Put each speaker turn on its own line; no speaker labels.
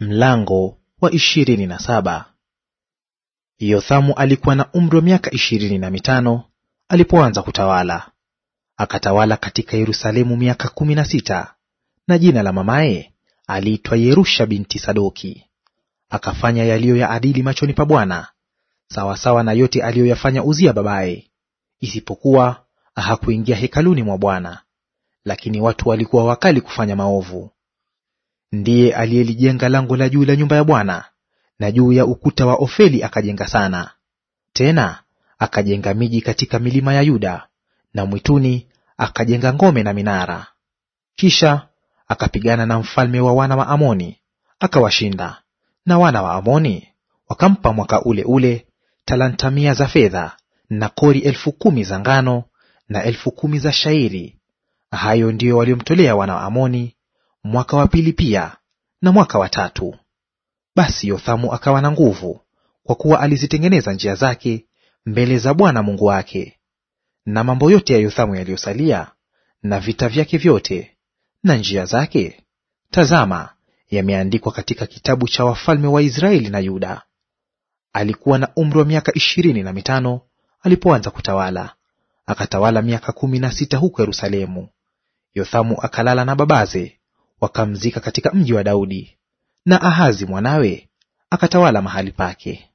Mlango wa ishirini na saba. Yothamu alikuwa na umri wa miaka ishirini na mitano alipoanza kutawala, akatawala katika Yerusalemu miaka kumi na sita, na jina la mamaye aliitwa Yerusha binti Sadoki. Akafanya yaliyo ya adili machoni pa Bwana sawasawa na yote aliyoyafanya Uzia babaye, isipokuwa hakuingia hekaluni mwa Bwana. Lakini watu walikuwa wakali kufanya maovu. Ndiye aliyelijenga lango la juu la nyumba ya Bwana, na juu ya ukuta wa Ofeli akajenga sana. Tena akajenga miji katika milima ya Yuda, na mwituni akajenga ngome na minara. Kisha akapigana na mfalme wa wana wa Amoni akawashinda, na wana wa Amoni wakampa mwaka ule ule talanta mia za fedha na kori elfu kumi za ngano na elfu kumi za shairi. Hayo ndiyo waliomtolea wana wa Amoni mwaka wa pili pia na mwaka wa tatu. Basi Yothamu akawa na nguvu, kwa kuwa alizitengeneza njia zake mbele za Bwana Mungu wake. Na mambo yote ya Yothamu yaliyosalia na vita vyake vyote na njia zake, tazama, yameandikwa katika kitabu cha wafalme wa Israeli na Yuda. Alikuwa na umri wa miaka ishirini na mitano alipoanza kutawala, akatawala miaka kumi na sita huko Yerusalemu. Yothamu akalala na babaze, wakamzika katika mji wa Daudi. Na Ahazi mwanawe akatawala mahali pake.